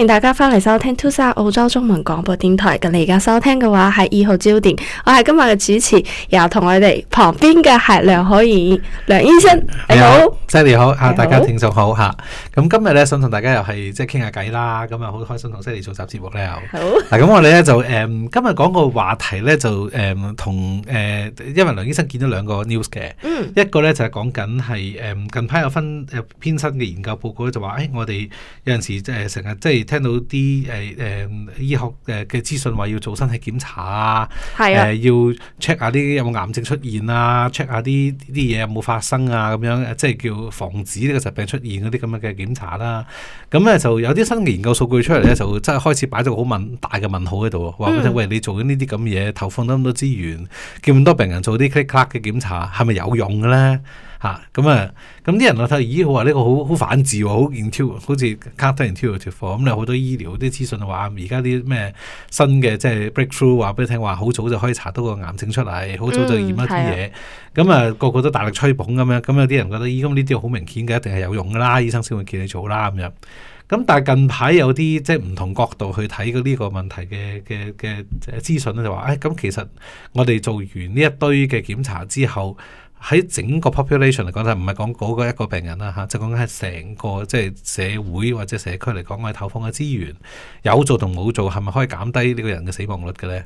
歡迎大家翻嚟收聽 t o z a r 澳洲中文廣播電台。咁你而家收聽嘅話係醫學焦點，我係今日嘅主持，又同我哋旁邊嘅係梁可怡，梁醫生，你好。犀利好啊！大家聽眾好吓，咁好、啊、今日咧想同大家又係即係傾下偈啦，咁啊好開心同犀利做集節目咧好。嗱咁、啊嗯、我哋咧就誒、um, 今日講個話題咧就誒、um, 同誒、uh, 因為梁醫生見咗兩個 news 嘅，嗯、一個咧就係講緊係誒近排有分誒偏新嘅研究報告咧就話誒、哎、我哋有陣時、呃、即係成日即係聽到啲誒誒醫學誒嘅資訊話要做身體檢查啊，係啊、呃，要 check 下啲有冇癌症出現啊，check 下啲啲嘢有冇發生啊咁樣，即係叫。防止呢個疾病出現嗰啲咁嘅檢查啦，咁咧就有啲新嘅研究數據出嚟，咧就真係開始擺咗個好問大嘅問號喺度，話、嗯、喂你做緊呢啲咁嘢，投放咗咁多資源，叫咁多病人做啲 click-clack 嘅檢查，係咪有用嘅咧？嚇！咁啊，咁、嗯、啲人我睇，咦？我話呢個好好反智喎，好好似 counterintuitive，咁你好多醫療啲資訊話，而家啲咩新嘅即係 breakthrough 話俾你聽，話好早就可以查到個癌症出嚟，好早就驗一啲嘢。咁、嗯、啊、嗯，個個都大力吹捧咁樣。咁有啲人覺得，咦？咁呢啲好明顯嘅，一定係有用噶啦，醫生先會叫你做啦咁樣。咁、嗯、但係近排有啲即係唔同角度去睇呢個問題嘅嘅嘅資訊咧，就話，唉、哎，咁其實我哋做完呢一堆嘅檢查之後。喺整個 population 嚟講，就唔係講嗰個一個病人啦、嚇、啊，就講緊係成個即係、就是、社會或者社區嚟講，我哋投放嘅資源有做同冇做，係咪可以減低呢個人嘅死亡率嘅咧？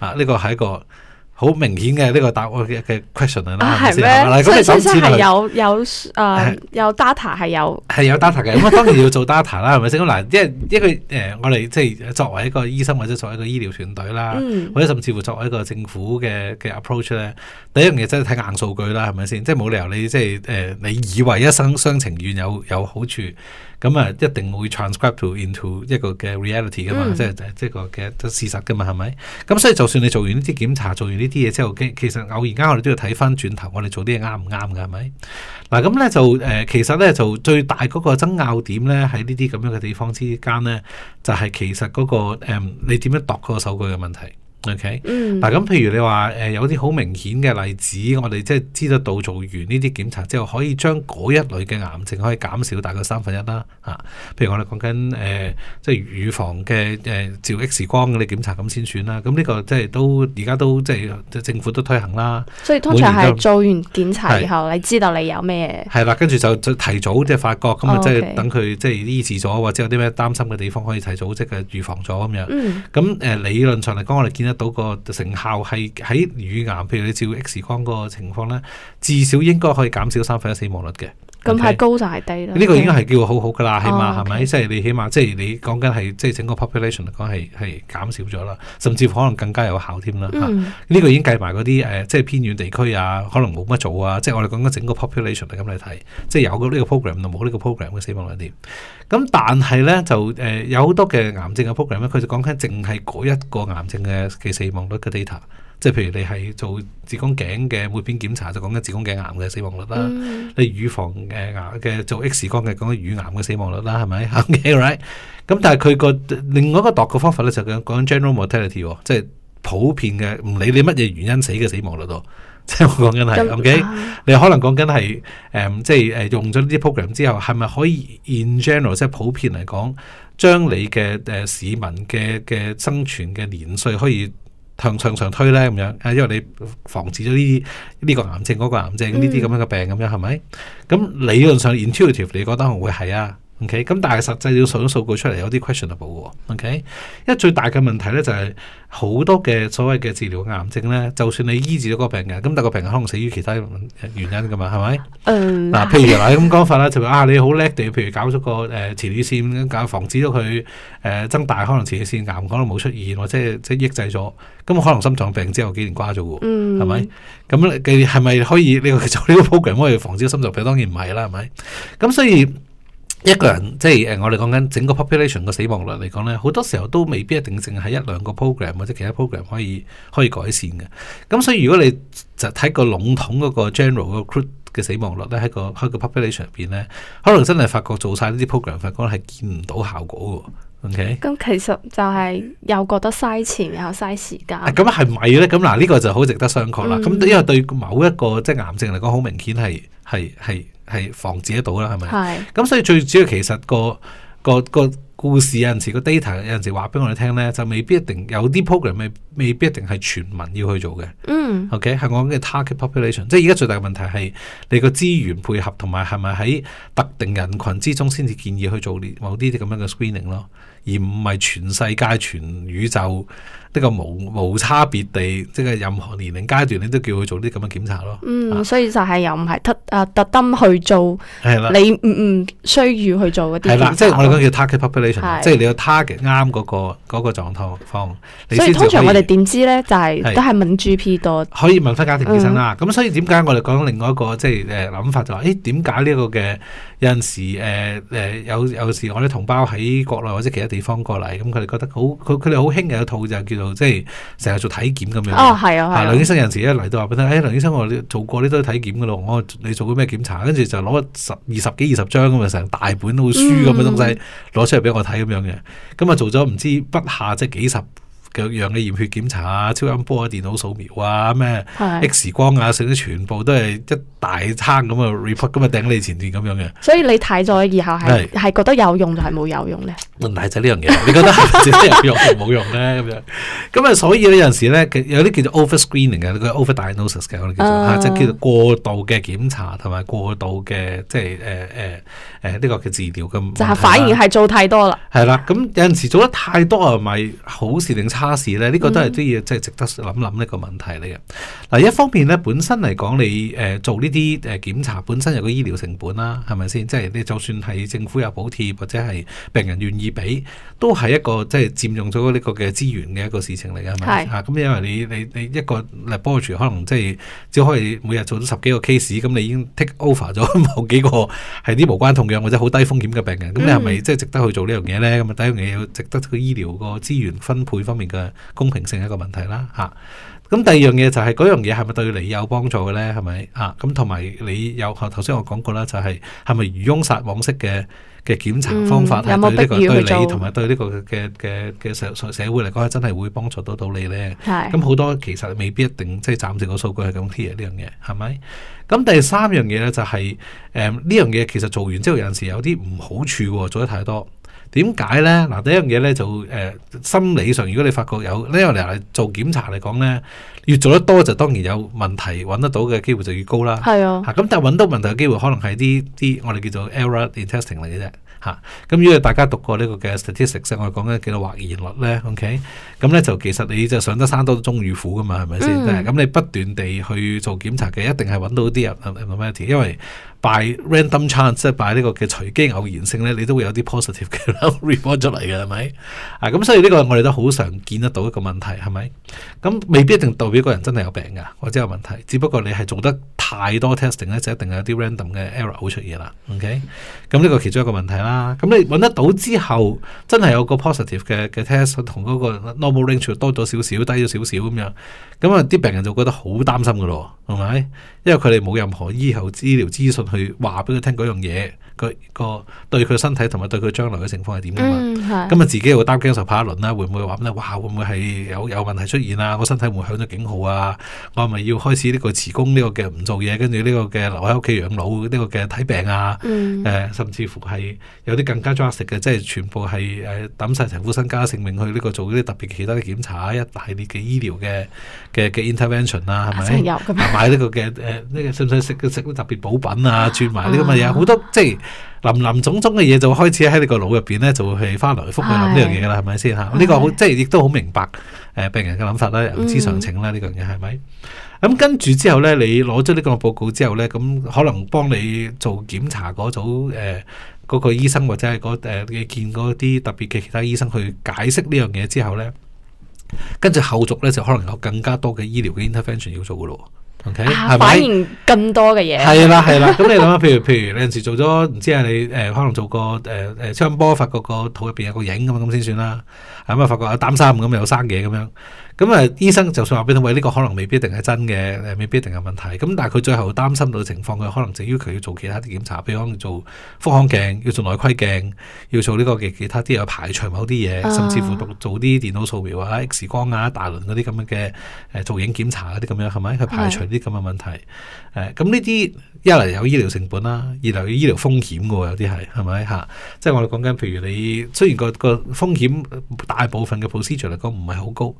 啊，呢個係一個。好明顯嘅呢個答案嘅嘅 question 係啦、啊，咁你首先有有誒、呃、有 data 係有係有 data 嘅，咁、嗯、啊當然要做 data 啦，係咪先？嗱，因為一個誒，我哋即係作為一個醫生或者作為一個醫療團隊啦，或者甚至乎作為一個政府嘅嘅 approach 咧，appro ach, 第一樣嘢真係睇硬數據啦，係咪先？即係冇理由你即係誒、呃，你以為一生雙情願有有好處。咁啊，一定會 transcribe to into 一個嘅 reality 噶嘛，嗯、即係即係即個嘅事實噶嘛，係咪？咁所以就算你做完呢啲檢查，做完呢啲嘢之後，其其實偶然間我哋都要睇翻轉頭我合合，我哋做啲嘢啱唔啱嘅係咪？嗱咁咧就誒、呃，其實咧就最大嗰個爭拗點咧喺呢啲咁樣嘅地方之間咧，就係、是、其實嗰、那個、嗯、你點樣度嗰個數據嘅問題。OK，嗱咁、嗯，譬如你話誒有啲好明顯嘅例子，我哋即係知得到做完呢啲檢查之後，可以將嗰一類嘅癌症可以減少大概三分一啦嚇。譬、啊、如我哋講緊誒，即係預防嘅誒照 X 光嗰啲檢查咁先算啦。咁、啊、呢、這個即係都而家都即係政府都推行啦。所以通常係做完檢查以後，是你知道你有咩？係啦，跟住就提早是即係發覺咁啊、哦 okay，即係等佢即係醫治咗，或者有啲咩擔心嘅地方可以提早即係預防咗咁樣。咁誒、嗯、理論上嚟講，我哋見得到個成效係喺乳癌，譬如你照 X 光個情況咧，至少應該可以減少三分一死亡率嘅。咁太高就係低啦。呢個已經係叫好好噶啦，起碼係咪？即係你起碼即係你講緊係即係整個 population 嚟講係係減少咗啦，甚至乎可能更加有效添啦。呢、mm. 啊這個已經計埋嗰啲誒即係偏遠地區啊，可能冇乜做啊。即係我哋講緊整個 population 嚟咁嚟睇，即係有呢個 program 就冇呢個 program 嘅死亡率點。咁、嗯、但係咧就誒、呃、有好多嘅癌症嘅 program 咧，佢就講緊淨係嗰一個癌症嘅嘅死亡率嘅 data。即係譬如你係做子宮頸嘅抹片檢查，就講緊子宮頸癌嘅死亡率啦；嗯、你乳房嘅癌嘅做 X 光嘅，講緊乳癌嘅死亡率啦，係咪？OK，right？咁但係佢個另外一個度嘅方法咧，就講緊 general mortality，哦、即係普遍嘅，唔理你乜嘢原因死嘅死亡率度。即係我講緊係 OK。嗯 okay? 你可能講緊係誒，即係誒用咗呢啲 program 之後，係咪可以 in general 即係普遍嚟講，將你嘅誒、呃、市民嘅嘅生存嘅年歲可以？向向上推呢，咁樣因為你防止咗呢啲呢個癌症、嗰、嗰個癌症呢啲咁樣嘅病，咁樣係咪？咁理論上、嗯、intuitive，你覺得會唔會係啊？O K，咁但係實際要數啲數據出嚟，有啲 questionable 嘅 O、okay? K，因為最大嘅問題咧就係、是、好多嘅所謂嘅治療癌症咧，就算你醫治咗個病人，咁但個病人可能死於其他原因噶嘛，係咪？嗯。嗱、啊，譬如、 就是啊、你咁講法啦，就話啊你好叻地，譬如搞出個誒前列腺咁搞，防止咗佢誒增大，可能前列腺癌可能冇出現，或者即係抑制咗，咁可能心臟病之後幾年瓜咗喎，係咪、嗯？咁佢係咪可以呢個做呢個 program 可以防止心臟病？當然唔係啦，係咪？咁所以。一個人即係誒，我哋講緊整個 population 個死亡率嚟講咧，好多時候都未必一定淨係一兩個 program 或者其他 program 可以可以改善嘅。咁所以如果你就睇個籠統嗰個 general 個 group。嘅死亡率咧喺個喺個 population 入邊咧，可能真係發覺做晒呢啲 program，發覺係見唔到效果嘅。O K，咁其實就係又覺得嘥錢又嘥時間、嗯。咁啊係唔咧？咁、嗯、嗱呢這這個就好值得商榷啦。咁、嗯、因為對某一個即係、就是、癌症嚟講，好明顯係係係係防止得到啦，係咪？係是。咁所以最主要其實個個個。個故事有陣時個 data 有陣時話俾我哋聽咧，就未必一定有啲 program 未未必一定係全民要去做嘅。嗯、mm.，OK 係我講嘅 target population，即係而家最大嘅問題係你個資源配合，同埋係咪喺特定人群之中先至建議去做呢某啲啲咁樣嘅 screening 咯。而唔係全世界、全宇宙呢個無無差別地，即係任何年齡階段，你都叫佢做啲咁嘅檢查咯。嗯，所以就係又唔係特啊特登去做，的你唔唔需要去做嗰啲。係啦，即係我哋講叫 target population，的即係你 tar、嗰個 target 啱嗰個嗰個狀況。以所以通常我哋點知咧，就係、係、都係問 G P 多。可以問翻家庭醫生啦。咁、嗯、所以點解我哋講另外一個即係誒諗法就話、係，誒點解呢個嘅？有陣時，誒誒有有時我啲同胞喺國內或者其他地方過嚟，咁佢哋覺得好，佢佢哋好興嘅一套就叫做即係成日做體檢咁樣。哦，係啊，啊梁、哎，梁醫生有陣時一嚟到話俾佢聽，梁醫生我做過呢啲體檢嘅咯，我你做過咩檢，檢查？跟住就攞十二十幾二十張咁啊，成大本好似書咁嘅東西攞出嚟俾我睇咁樣嘅，咁啊、嗯嗯、做咗唔知不下即係幾十。各樣嘅驗血檢查啊、超音波腦掃瞄啊、電腦掃描啊、咩 X 光啊，成啲全部都係一大餐咁啊 report，咁啊，頂你前段咁樣嘅。所以你睇咗以後係係是覺得有用就係冇有用咧？問題就係呢樣嘢，你覺得係有用定冇用咧？咁 樣咁啊，所以有陣時咧，有啲叫做 over screening 嘅，佢 over diagnosis 嘅，我哋叫做即叫做過度嘅檢查同埋過度嘅即係誒誒誒呢個嘅治療咁，就係反而係做太多啦。係啦， 咁有陣時做得太多啊，咪好事定？呢、嗯、個都係即係值得諗諗呢個問題嚟嘅。嗱，一方面呢，本身嚟講你誒、呃、做呢啲誒檢查，本身有個醫療成本啦、啊，係咪先？即係你就算係政府有補貼或者係病人願意俾，都係一個即係佔用咗呢個嘅資源嘅一個事情嚟嘅。係咪？咁是、啊、因為你你你一個 report 可能即、就、係、是、只可以每日做咗十幾個 case，咁你已經 take over 咗某幾個係啲無關痛癢，或者好低風險嘅病人，咁、嗯、你係咪即係值得去做呢樣嘢呢？咁啊，第一樣嘢要值得個醫療個資源分配方面。嘅公平性一個問題啦嚇，咁、啊、第二樣嘢就係、是、嗰樣嘢係咪對你有幫助嘅咧？係咪啊？咁同埋你有頭先我講過啦，就係係咪漁翁撒網式嘅嘅檢查方法係對，這個嗯、對你同埋對呢個嘅嘅嘅社社會嚟講真係會幫助到到你咧？咁好是多其實未必一定即係暫時個數據係咁貼呢樣嘢係咪？咁第三樣嘢咧就係誒呢樣嘢其實做完之後有陣時有啲唔好處，做得太多。點解咧？嗱，第一樣嘢咧就誒、呃，心理上如果你發覺有呢樣嚟做檢查嚟講咧，越做得多就當然有問題揾得到嘅機會就越高啦。係啊，吓咁、啊、但係揾到問題嘅機會可能係啲啲我哋叫做 error in testing 嚟嘅啫。吓、啊、咁，嗯嗯、因為大家讀過呢個嘅 statistics，我講緊幾多或然率咧。OK，咁咧就其實你就上得山多終遇虎噶嘛，係咪先？咁你不斷地去做檢查嘅，一定係揾到啲有問題，因為。嗯 By random chance，即係 by 呢個嘅隨機偶然性咧，你都會有啲 positive 嘅 report 出嚟嘅係咪？啊，咁所以呢個我哋都好常見得到一個問題係咪？咁未必一定代表個人真係有病㗎，或者有問題。只不過你係做得太多 testing 咧，就一定有啲 random 嘅 error 會出現啦。嗯、OK，咁呢個其中一個問題啦。咁你揾得到之後，真係有個 positive 嘅嘅 test 同嗰個 normal range 多咗少少、低咗少少咁樣，咁啊啲病人就覺得好擔心㗎咯，係咪？因為佢哋冇任何醫後醫療資訊。去話俾佢聽嗰樣嘢，個個對佢身體同埋對佢將來嘅情況係點㗎嘛？咁啊、嗯，自己又擔驚受怕一輪啦、啊。會唔會話咩？哇！會唔會係有有問題出現啊？我身體會響咗警號啊？我係咪要開始呢個辭工呢個嘅唔做嘢，跟住呢個嘅留喺屋企養老呢、呢個嘅睇病啊？誒、嗯啊，甚至乎係有啲更加 juicy 嘅，即係全部係誒抌晒財富身家性命去呢個做啲特別其他嘅檢查一大列嘅醫療嘅嘅嘅 intervention 是是啊，係咪？有、嗯啊、買呢個嘅誒呢？使唔使食嘅食、食特別補品啊？啊，轉埋呢咁嘅嘢，好多即係林林種種嘅嘢，就會開始喺你個腦入邊咧，就會去翻嚟去覆去諗呢樣嘢噶啦，係咪先吓？呢是個好即係亦都好明白誒、呃，病人嘅諗法啦，人之常情啦，呢、嗯、樣嘢係咪？咁跟住之後咧，你攞咗呢個報告之後咧，咁可能幫你做檢查嗰組誒，嗰、呃那個醫生或者係嗰誒你見嗰啲特別嘅其他醫生去解釋呢樣嘢之後咧，跟住後續咧就可能有更加多嘅醫療嘅 intervention 要做噶咯。反應更多嘅嘢，係啦係啦，咁、 嗯、你諗下，譬如譬如你有陣時做咗唔知係你誒、呃，可能做過誒誒，超聲波發覺個肚入邊有個影咁，咁先算啦，咁啊發覺啊膽生咁有生嘢咁樣。咁啊、嗯，醫生就算話俾佢，喂，呢、這個可能未必一定係真嘅，未必一定有問題。咁、嗯、但係佢最後擔心到嘅情況，佢可能正要求要做其他啲檢查，比如講做腹腔鏡，要做內窺鏡，要做呢個嘅其他啲嘢排除某啲嘢，啊、甚至乎做做啲電腦掃描啊、X 光啊、大輪嗰啲咁嘅誒造影檢查嗰啲咁樣，係咪？去排除啲咁嘅問題。誒是，咁呢啲一嚟有醫療成本啦，二嚟有醫療風險嘅喎，有啲係係咪嚇？即係我哋講緊，譬如你雖然個個風險大部分嘅 procedure 嚟講唔係好高。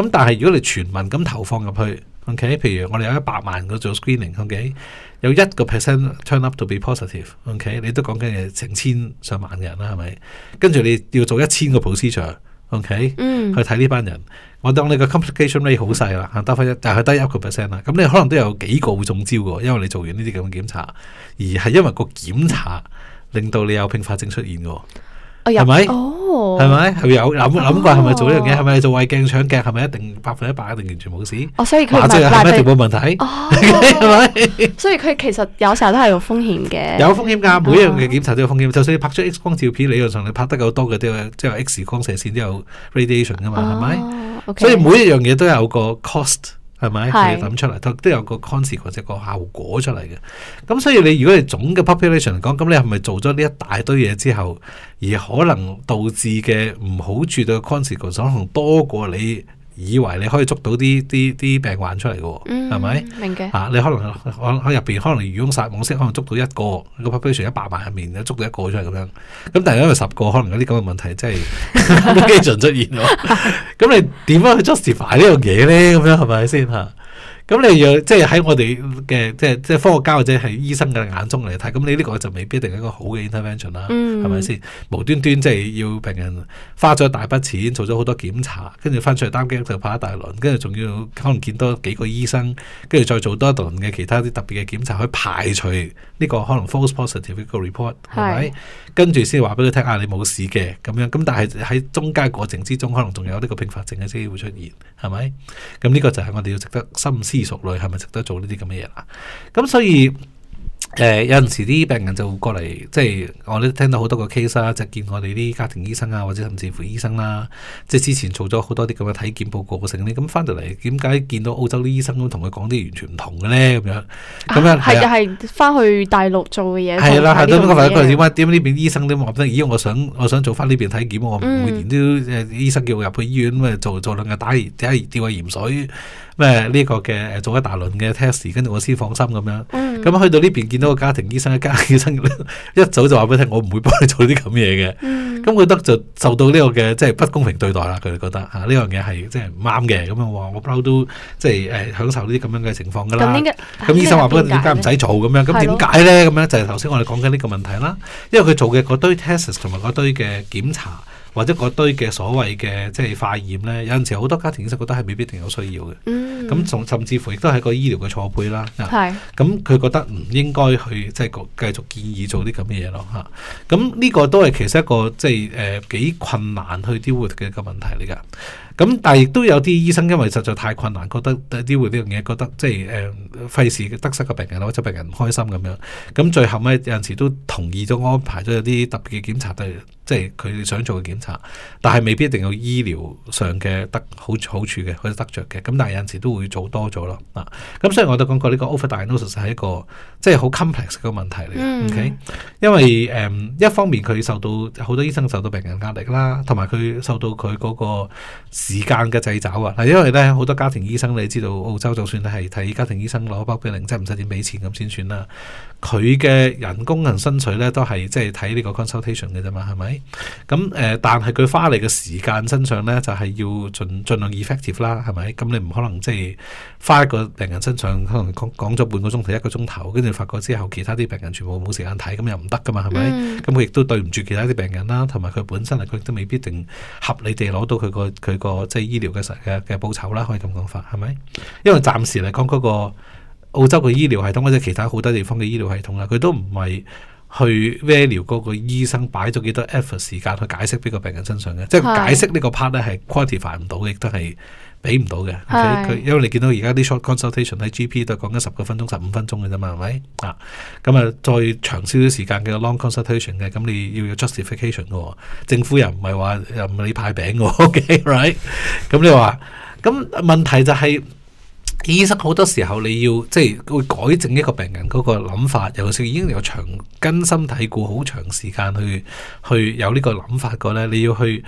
咁但係如果你全民咁投放入去，OK？譬如我哋有一百萬個做 screening，OK？、Okay? 有一個 percent turn up to be positive，OK？、Okay? 你都講緊成千上萬嘅人啦，係咪？跟住你要做一千個 procedure，OK？嗯，去睇呢班人，我當你個 complication rate 好細啦，吓，得翻一、啊，但係得一個 percent 啦。咁、啊啊、你可能都有幾個會中招噶，因為你做完呢啲咁嘅檢查，而係因為個檢查令到你有併發症出現噶。係咪？係咪？佢有諗諗過係咪做呢樣嘢？係咪做胃鏡腸鏡？係咪一定百分之一百一定完全冇事？哦，所以佢一定冇問題？係咪？所以佢其實有時候都係有風險嘅。有風險噶，每一樣嘅檢查都有風險。就算你拍出 X 光照片，理論上你拍得夠多嘅都有，即係 X 光射線都有 radiation 噶嘛？係咪？所以每一樣嘢都有個 cost。係咪？佢諗出嚟，都有個 consequence 個效果出嚟嘅。咁所以你如果係總嘅 population 嚟講，咁你係咪做咗呢一大堆嘢之後，而可能導致嘅唔好處嘅 consequence 可能多過你？以為你可以捉到啲啲啲病患出嚟嘅喎，係咪、嗯？是是明嘅。啊，你可能可能喺入邊，可能漁翁撒網式，可能捉到一個一個 population 一百萬入面，捉到一個出嚟咁樣。咁但係因為十個可能有啲咁嘅問題，真係基準出現咗。咁你點樣去 justify 呢樣嘢咧？咁樣係咪先嚇？咁你又即係喺我哋嘅即係即係科學家或者係醫生嘅眼中嚟睇，咁你呢個就未必一定係一個好嘅 intervention 啦，係咪先？無端端即係要病人花咗大筆錢做咗好多檢查，跟住翻出去擔驚就怕一大輪，跟住仲要可能見多幾個醫生，跟住再做多一輪嘅其他啲特別嘅檢查去排除呢個可能 false positive 呢個 report 係咪？跟住先話俾佢聽啊，你冇事嘅咁樣。咁但係喺中間過程之中，可能仲有呢個併發症嘅先會出現，係咪？咁呢個就係我哋要值得深思。熟類係咪值得做呢啲咁嘅嘢啦？咁所以，誒、呃、有陣時啲病人就會過嚟，即係我都聽到好多個 case 啦，就見我哋啲家庭醫生啊，或者甚至乎醫生啦，即係之前做咗好多啲咁嘅體檢報告性。啲咁，翻到嚟點解見到澳洲啲醫生都同佢講啲完全唔同嘅咧？咁樣咁、啊、樣係係翻去大陸做嘅嘢，係啦係啦，因為點解點解呢邊醫生都冇噉樣咦，我想我想做翻呢邊體檢，我每年都誒醫生叫我入去醫院做做兩日打而打吊下鹽水。咩呢個嘅做一大輪嘅 test，跟住我先放心咁樣。嗯。咁去到呢邊見到個家庭醫生，個家庭醫生一早就話俾你聽，我唔會幫你做啲咁嘢嘅。嗯。咁佢覺得就受到呢個嘅即係不公平對待啦。佢覺得嚇呢、啊、樣嘢係即係唔啱嘅。咁啊話我不嬲都即係誒享受呢啲咁樣嘅情況㗎啦。咁點、嗯、醫生話俾你聽唔使做咁樣。咁點解咧？咁樣的就係頭先我哋講緊呢個問題啦。因為佢做嘅嗰堆 test 同埋嗰堆嘅檢查。或者嗰堆嘅所謂嘅即係化驗咧，有陣時好多家庭醫生覺得係未必定有需要嘅。咁甚、嗯、甚至乎亦都係個醫療嘅錯配啦。咁、啊、佢是、嗯、覺得唔應該去即係繼續建議做啲咁嘅嘢咯嚇。咁、啊、呢、嗯、個都係其實一個即係誒、呃、幾困難去 deal with 嘅一個問題嚟㗎。咁但係亦都有啲醫生因為實在太困難，覺得啲會呢樣嘢，覺得即係誒費事得失個病人，或者病人唔開心咁樣。咁、嗯、最後咧、嗯、有陣時都同意咗安排咗有啲特別嘅檢查，都係即係佢哋想做嘅檢查，但係未必一定有醫療上嘅得好好，好處嘅，佢得着嘅。咁但係有陣時都會做多咗咯。啊，咁、嗯、所以我都講過呢、呢個 overdiagnosis 係一個即係好 complex 嘅問題嚟嘅。嗯、O.K. 因為誒、嗯、一方面佢受到好多醫生受到病人壓力啦，同埋佢受到佢嗰、嗰個。時間嘅掣肘啊！嗱，因為咧好多家庭醫生，你知道澳洲就算你係睇家庭醫生攞 bulk billing，即係唔使點俾錢咁先算啦、啊。佢嘅人工人薪水咧，都係即係睇呢個 consultation 嘅啫嘛，係咪？咁誒，但係佢花嚟嘅時間身上咧，就係、係、要盡盡量 effective 啦，係咪？咁、嗯、你唔可能即係花一個病人身上可能講講咗半個鐘頭、一個鐘頭，跟住發覺之後，其他啲病人全部冇時間睇，咁又唔得噶嘛，係咪？咁佢亦都對唔住其他啲病人啦，同埋佢本身啊，佢都未必定合理地攞到佢、佢個佢個即係醫療嘅實嘅嘅報酬啦，可以咁講法係咪？因為暫時嚟講嗰個。澳洲嘅醫療系統或者其他好多地方嘅醫療系統咧，佢都唔係去 value 嗰個醫生擺咗幾多 effort 時間去解釋呢個病人身上嘅，是即係解釋個呢個 part 咧係 quantify 唔到嘅，亦都係俾唔到嘅。佢是因為你見到而家啲 short consultation 喺 GP 都係講緊十個分鐘、十五分鐘嘅啫嘛，係咪啊？咁、嗯、啊，再長少少時間嘅 long consultation 嘅、嗯，咁你要有 justification 嘅、哦。政府又唔係話又唔係你派餅嘅、哦，OK r、right? 咁、嗯、你話，咁問題就係、是。醫生好多時候你要即係會改正一個病人嗰個諗法，尤其是已經有長根深蒂固好長時間去去有個呢個諗法個咧，你要去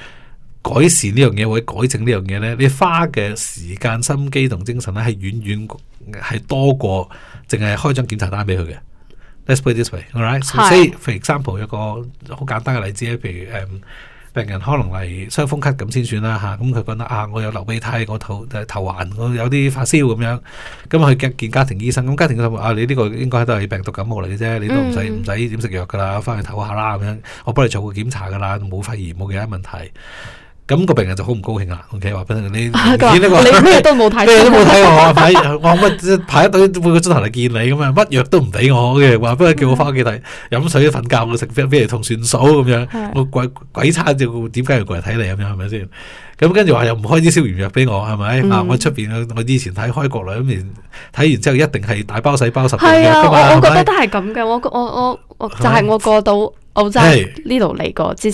改善呢樣嘢或者改正呢樣嘢咧，你花嘅時間心機同精神咧係遠遠係多過淨係開張檢查單俾佢嘅。Let's play this way，all right。所以，say, for example, 一個好簡單嘅例子咧，譬如誒。Um, 病人可能嚟傷風咳咁先算啦嚇，咁佢覺得啊，我有流鼻涕、我頭頭暈，我有啲發燒咁樣，咁佢去見家庭醫生，咁家庭醫生話，啊，你呢個應該都係病毒感冒嚟嘅啫，你都唔使唔使點食藥噶啦，翻去唞下啦咁樣，我幫你做個檢查噶啦，冇肺炎，冇其他問題。咁個病人就好唔高興啦。O K，話俾你，你呢、這個咩、啊、都冇睇，咩都冇睇我，睇 我乜排一隊半個鐘頭嚟見你咁樣，乜藥都唔俾我嘅。話不如叫我翻屋企睇，飲水瞓覺，我食咩咩同算數咁樣。是的 我鬼鬼差就點解要過嚟睇你咁樣係咪先？咁跟住話又唔開啲消炎藥俾我，係咪？嗯、我出邊我以前睇開國兩年，睇完之後一定係大包細包十樣的我,我覺得都係咁嘅，我我我就係、是、我過到。是的 澳洲呢度嚟過之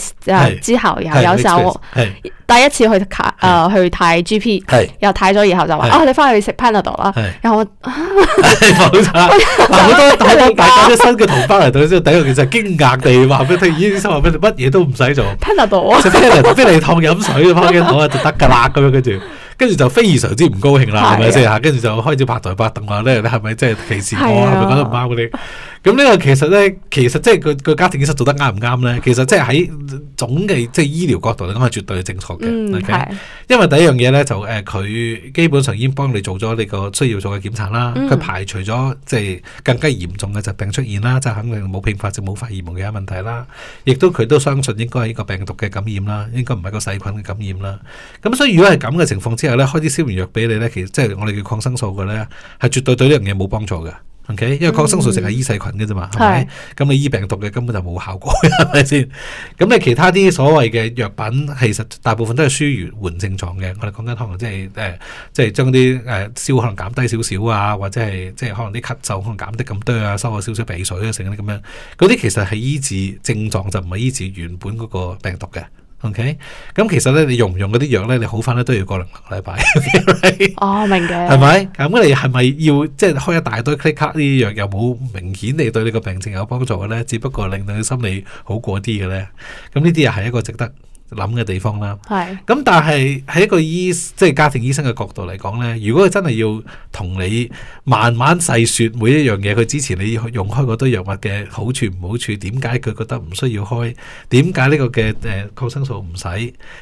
之後，然有時第一次去睇誒去睇 G P，又睇咗以後就話：哦，你翻去食 Panadol 啦。然後我，係好差。好多大班大班新嘅同胞嚟到之後，第一件事係驚訝地話：乜佢已經三百蚊，乜嘢都唔使做。Panadol，食嚟燙飲水 p a c k 就得噶啦。咁樣跟住，跟住就非常之唔高興啦。係咪先吓？跟住就開始拍台拍凳話咧：你係咪即係歧視我？係咪覺得唔啱嗰啲？咁呢個其實咧，其實即係佢佢家庭醫生做得啱唔啱咧？其實即係喺總嘅即係醫療角度嚟講，係絕對係正確嘅。嗯，係吧？因為第一樣嘢咧，就誒佢基本上已經幫你做咗你個需要做嘅檢查啦，佢、嗯、排除咗即係更加嚴重嘅疾病出現啦，就是、肯定冇並發症冇發炎嘅問題啦。亦都佢都相信應該係呢個病毒嘅感染啦，應該唔係個細菌嘅感染啦。咁所以如果係咁嘅情況之下咧，開啲消炎藥俾你咧，其實即係我哋叫抗生素嘅咧，係絕對對呢樣嘢冇幫助嘅。Okay? 因為抗生素淨係醫細菌嘅啫嘛，係咪、嗯？咁你是醫病毒嘅根本就冇效果，係咪先？咁你其他啲所謂嘅藥品，其實大部分都係舒完緩症狀嘅。我哋講緊可能即係誒，即係將啲誒燒可能減低少少啊，或者係、就是、即係可能啲咳嗽可能減得咁多啊，收咗少少鼻水等等啊，成啲咁樣，嗰啲其實係醫治症狀就唔係醫治原本嗰個病毒嘅。OK，咁其實咧，你用唔用嗰啲藥咧，你好翻咧都要過兩兩個禮拜。Okay? Right? 哦，明嘅，係咪？咁你係咪要即係、就是、開一大堆 click card 呢？啲藥又冇明顯地對你個病情有幫助嘅咧，只不過令到你心理好過啲嘅咧。咁呢啲又係一個值得，諗嘅地方啦，咁是、嗯、但係喺一個醫即係家庭醫生嘅角度嚟講咧，如果佢真係要同你慢慢細説每一樣嘢，佢之前你用開嗰堆藥物嘅好處唔好處，點解佢覺得唔需要開？點解呢個嘅誒抗生素唔使？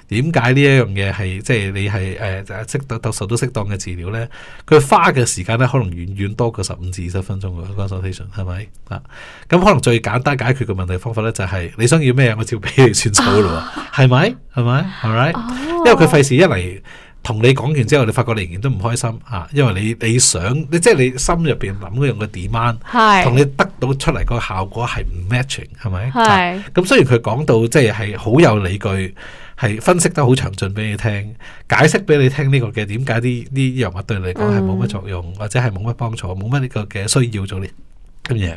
點解呢一樣嘢係即係你係誒、呃、適當受到適當嘅治療咧？佢花嘅時間咧，可能遠遠多過十五至二十分鐘嘅 Consultation 係咪啊？咁、嗯嗯、可能最簡單解決嘅問題方法咧、就是，就係你想要咩，我照俾你算數咯，係 係咪？係咪？因為佢費事一嚟同你講完之後，你發覺你仍然都唔開心啊！因為你你想，你即係你心入邊諗嗰樣嘅 demand，同你得到出嚟嗰個效果係唔 matching，係咪？咁是、啊、雖然佢講到即係係好有理據，係分析得好詳盡俾你聽，解釋俾你聽呢個嘅點解啲啲藥物對你嚟講係冇乜作用，mm. 或者係冇乜幫助，冇乜呢個嘅需要咗咧。咁嘢，yeah.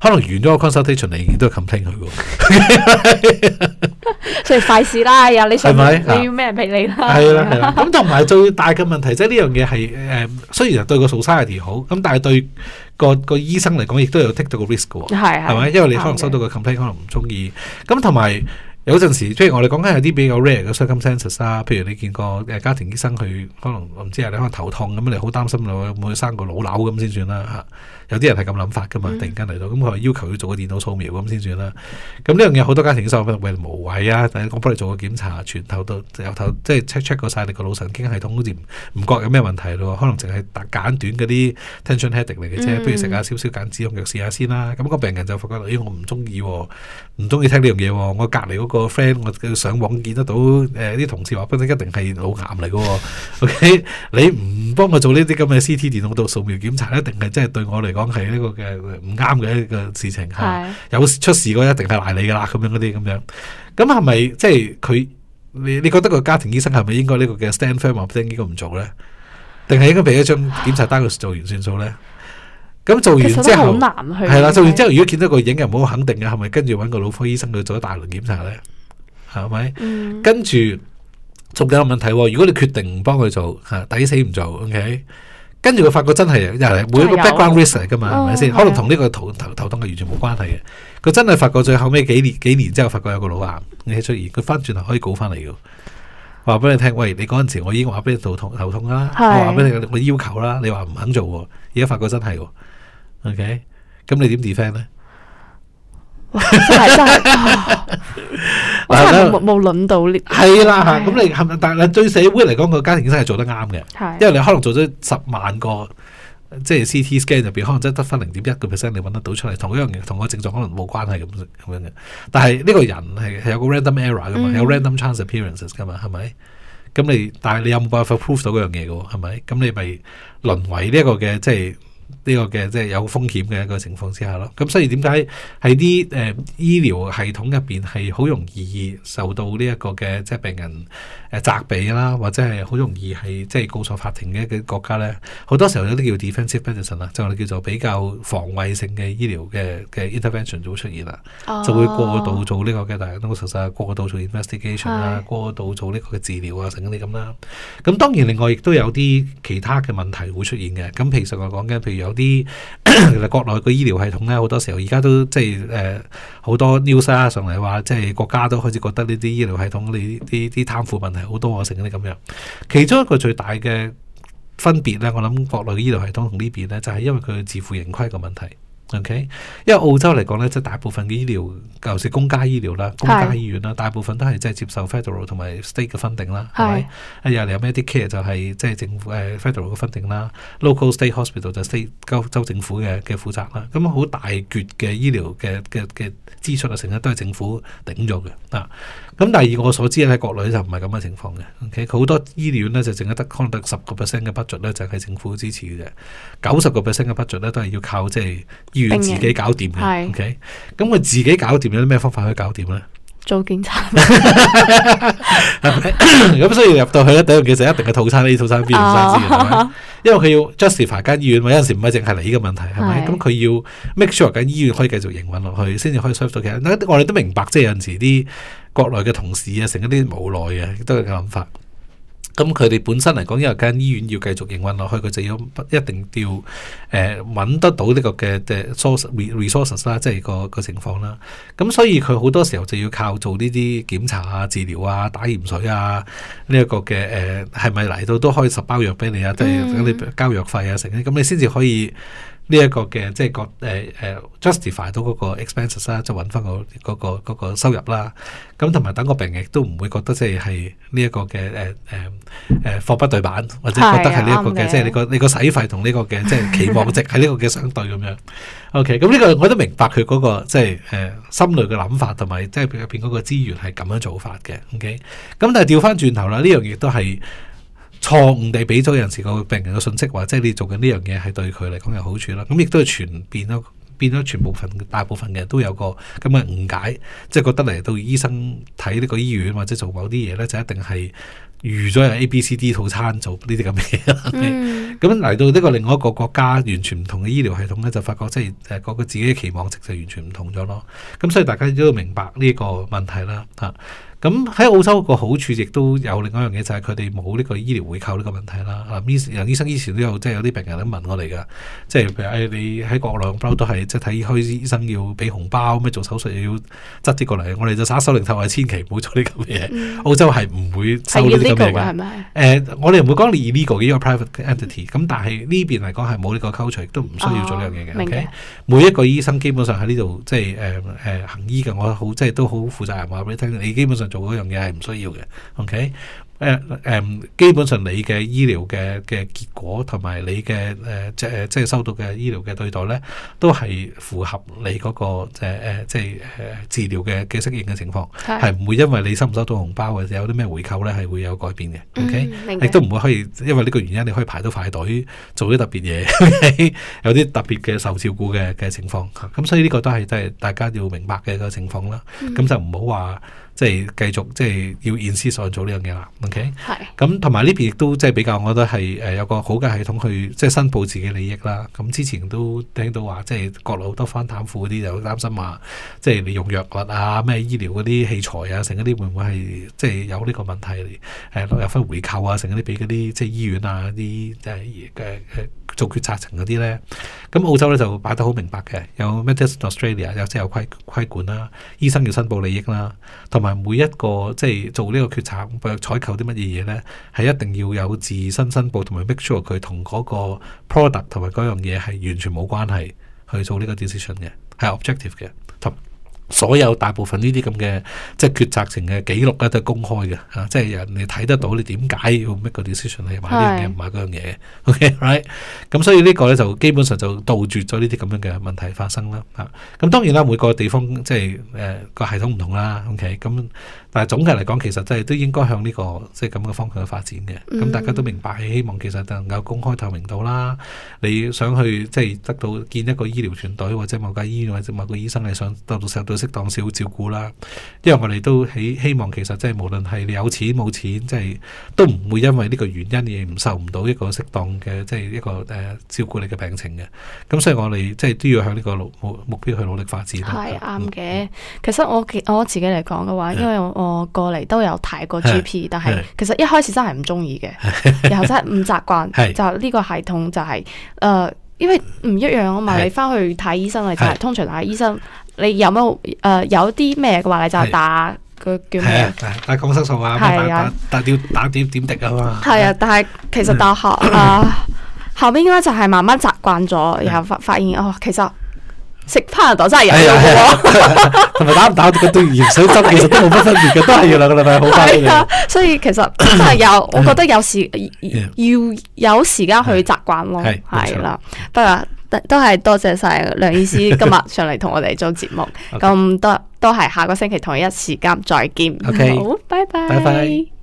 可能完咗個 consultation 你都係 complain 佢喎，所以費事啦。又你想，是是你要咩人俾你啦？係啦，係啦。 咁同埋最大嘅問題即係呢樣嘢係誒，雖然對個 society 好，咁但係對個個醫生嚟講，亦都有 take 到個 risk 嘅喎。係咪是是 吧？因為你可能收到個 complain，Okay. 可能唔中意。咁同埋有陣時，即係我哋講緊有啲比較 rare 嘅 circumstances 啦。譬如你見過誒家庭醫生，佢可能我唔知啊，你可能頭痛咁，你好擔心你有冇生個老瘤咁先算啦嚇。有啲人係咁諗法噶嘛，突然間嚟到，咁佢要求要做個電腦掃描咁先算啦。咁呢樣嘢好多家庭醫生話：為無謂啊！我幫你做個檢查，全頭到由頭即係 check check 過晒你個腦神經系統，好似唔覺有咩問題咯。可能淨係簡短嗰啲 tension headache 嚟嘅啫，不如食下少少簡止痛藥試下先啦。咁個病人就發覺：咦，我唔中意，唔中意聽呢樣嘢。我隔離嗰個 friend，我上網見得到誒啲同事話：本身一定係腦癌嚟嘅。O K，你唔幫我做呢啲咁嘅 C T 電腦度掃描檢查，一定係真係對我嚟。講係呢個嘅唔啱嘅一個事情吓是，有出事嗰一定係賴你噶啦，咁樣嗰啲咁樣。咁係咪即係佢你你覺得個家庭醫生係咪應該呢個嘅 stand firm up 啲，應該唔做咧？定係應該俾一張檢查單佢做完算數咧？咁做完之後好難去，係啦，做完之後如果見到個影又唔好肯定嘅，係咪跟住揾個腦科醫生去做一大輪檢查咧？係咪？嗯、跟住仲有個問題、哦，如果你決定唔幫佢做吓，抵死唔做，OK？跟住佢發覺真係，又係每一個 background research 噶嘛，嗯，係咪先？可能同呢個頭頭頭，頭痛係完全冇關係嘅。佢真係發覺，最後尾幾年幾年之後，發覺有個腦癌你出現。佢翻轉頭可以告翻嚟嘅，話俾你聽。喂，你嗰陣時我已經話俾你頭痛頭痛啦，是我話俾你我要求啦，你話唔肯做。而家發覺真係、哦、，ok，咁你點 defend 呢？ 冇冇諗到呢？係啦嚇，咁的的你係咪？但係對社會嚟講，個家庭醫生係做得啱嘅。的因為你可能做咗十萬個，即係 CT scan 入邊，可能真係得翻零點一個 percent，你揾得到出嚟，同嗰樣嘢，同個症狀可能冇關係咁樣嘅。但係呢個人係，係有個 random error 噶嘛，嗯、有 random chance appearances 噶嘛，係咪？咁你，但係你有冇辦法 prove 到嗰樣嘢嘅？係咪？咁你咪淪為呢一個嘅即係。呢個嘅即係有風險嘅一個情況之下咯，咁所以點解喺啲誒醫療系統入邊係好容易受到呢一個嘅即係病人誒責備啦，或者係好容易係即係告上法庭嘅嘅國家咧，好多時候有啲叫 defensive medicine 啊，就係我哋叫做比較防衞性嘅醫療嘅嘅 intervention 就會出現啦，就會過度做呢個嘅，大係都實在過度做 investigation 啦，過度做呢個嘅治療啊，成啲咁啦。咁當然另外亦都有啲其他嘅問題會出現嘅。咁其實我講緊有啲，其實 國內嘅醫療系統咧，好多時候而家都即係誒，好多 news 啊上嚟，話，即係、呃、國家都開始覺得呢啲醫療系統呢啲啲貪腐問題好多啊，成啲咁樣。其中一個最大嘅分別咧，我諗國內嘅醫療系統同呢邊咧，就係、是、因為佢自負盈虧嘅問題。O.K.，因為澳洲嚟講咧，即、就、係、是、大部分嘅醫療，尤其是公家醫療啦、公家醫院啦，是大部分都係即係接受 federal 同埋 state 嘅 funding 啦，係咪？誒、就是，又嚟有 Medicare 就係即係政府、呃、federal 嘅 funding 啦，local state hospital 就 state 州政府嘅嘅負責啦。咁好大橛嘅醫療嘅嘅嘅支出啊，成日都係政府頂咗嘅。啊，咁第二，以我所知咧喺國內就唔係咁嘅情況嘅。O.K.，好多醫療院咧就淨係得可能得十個 percent 嘅 budget 咧就係政府支持嘅，九十個 percent 嘅 budget 咧都係要靠即係。.要自己搞掂嘅是，OK？咁佢自己搞掂有啲咩方法可以搞掂咧？做警察咁 所以入到去咧，第一件事一定係套餐，呢套餐邊度先知，因為佢要 justify 間醫院，有陣時唔係淨係你嘅問題，係咪？咁佢是要 make sure 間醫院可以繼續營運落去，先至可以 survive 到嘅。我哋都明白，即係有陣時啲國內嘅同事啊，成一啲無奈嘅，都係咁諗法。咁佢哋本身嚟講，因為間醫院要繼續營運落去，佢就要不一定要誒揾得到呢個嘅 resource resources 啦，即係個個情況啦。咁所以佢好多時候就要靠做呢啲檢查啊、治療啊、打鹽水啊呢一個嘅誒，係咪嚟到都可以十包藥俾你啊，即係你交藥費啊，成咁你先至可以。呢一個嘅即係、uh, uh, 個誒誒 justify 到嗰個 expenses 啦，就係揾翻個嗰個嗰個收入啦。咁同埋等個病人亦都唔會覺得即係係呢一個嘅誒誒誒貨不對版，或者覺得係呢一個嘅是即係你個你個使費同呢個嘅即係期望值喺呢個嘅相對咁樣。OK，咁呢個我都明白佢嗰、個即係誒、uh, 心裏嘅諗法同埋即係入邊嗰個資源係咁樣做法嘅。OK，咁但係調翻轉頭啦，呢樣嘢都係。錯誤地俾咗有陣時個病人嘅信息，話即係你做緊呢樣嘢係對佢嚟講有好處啦。咁亦都係全變咗，變咗全部份大部分嘅人都有個咁嘅誤解，即係覺得嚟到醫生睇呢個醫院或者做某啲嘢呢，就一定係預咗有 A、B、C、D 套餐做呢啲咁嘅嘢。嗯，咁嚟 到呢個另外一個國家，完全唔同嘅醫療系統呢，就發覺即係誒個自己嘅期望值就完全唔同咗咯。咁所以大家都明白呢個問題啦，啊。咁喺、嗯、澳洲個好處亦都有另外一樣嘢，就係佢哋冇呢個醫療回扣呢個問題啦。啊，楊醫生以前都有即係有啲病人都問我哋噶，即係譬如誒你喺國內不嬲都係即係睇開醫生要俾紅包，咩做手術要執啲過嚟，我哋就耍手擰頭，我哋千祈唔好做啲咁嘅嘢。嗯、澳洲係唔會收呢啲咁嘅嘢。我哋唔會講你呢個嘅 private entity，咁但係呢邊嚟講係冇呢個扣除，都唔需要做呢樣嘢嘅。Okay? 每一個醫生基本上喺呢度即係誒誒行醫嘅，我好即係都好負，負責任話俾你聽，你基本上。做嗰樣嘢係唔需要嘅，OK？誒誒，基本上你嘅醫療嘅嘅結果，同埋你嘅誒、呃、即係即係收到嘅醫療嘅對待咧，都係符合你嗰、嗰個誒誒、呃、即係誒治療嘅嘅適應嘅情況，係唔是會因為你收唔收到紅包或者有啲咩回扣咧，係會有改變嘅，OK？亦、嗯、都唔會可以因為呢個原因你可以排到排隊做啲特別嘢， 有啲特別嘅受照顧嘅嘅情況，咁、嗯、所以呢個都係都係大家要明白嘅個情況啦。咁、嗯嗯、就唔好話。即係繼續即係要認思所做呢樣嘢啦，OK？係是。咁同埋呢邊亦都即係比較，我覺得係誒有個好嘅系統去即係申報自己利益啦。咁、嗯、之前都聽到話，即係國內好多反貪腐啲就擔心話，即係你用藥物啊、咩醫療嗰啲器材啊，成嗰啲會唔會係即係有呢個問題嚟？落入翻回扣啊，成嗰啲俾嗰啲即係醫院啊啲誒嘅嘅。做決策層嗰啲呢，咁澳洲呢就擺得好明白嘅，有 Medicine Australia，有即有規規管啦，醫生要申報利益啦，同埋每一個即係做呢個決策，採購啲乜嘢嘢呢，係一定要有自身申報，同埋 make sure 佢同嗰個 product 同埋嗰樣嘢係完全冇關係去做呢個 decision 嘅，係 objective 嘅。所有大部分呢啲咁嘅即係決策型嘅記錄咧都係公開嘅，啊，即係人哋睇得到你點解要 make decision,、mm. 個 decision 去買呢樣嘢唔買嗰樣嘢，OK，right？咁所以呢個咧就基本上就杜絕咗呢啲咁樣嘅問題發生啦，啊，咁當然啦每個地方即係誒個系統唔同啦，OK，咁但係總體嚟講其實即係都應該向呢、這個即係咁嘅方向去發展嘅，咁、mm. 大家都明白希望其實能夠公開透明度啦，你想去即係得到見一個醫療團隊或者某間醫院或者某個醫生,個醫生你想得到時候。適當少照顧啦，因為我哋都希望其實即係無論係你有錢冇錢，即係都唔會因為呢個原因而唔受唔到一個適當嘅即係一個誒照顧你嘅病情嘅。咁所以我哋即係都要向呢個目目標去努力發展。係啱嘅。其實我我自己嚟講嘅話，因為我我過嚟都有睇過 GP，但係其實一開始真係唔中意嘅，然後真係唔習慣就呢個系統就係誒，因為唔一樣啊嘛。你翻去睇醫生咧就係通常睇醫生。你有冇誒？有啲咩嘅話，你就打佢叫咩？係啊，打抗生素啊，打啊，打點打點點滴啊嘛。係啊，但係其實到後啊後邊咧就係慢慢習慣咗，然後發發現哦，其實食潘達真係有用喎。同埋打唔打個對鹽水汁其實都冇乜分別嘅，都係要來兩個禮拜，好快。所以其實真係有，我覺得有時要有時間去習慣咯，係啦。不過。都係多謝晒梁醫師今日上嚟同我哋做節目，咁多 Okay. 都係下個星期同一時間再見，Okay. 好，拜拜。